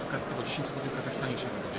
Sokatkę, bo 10 sekund w Kazachstanie się robi.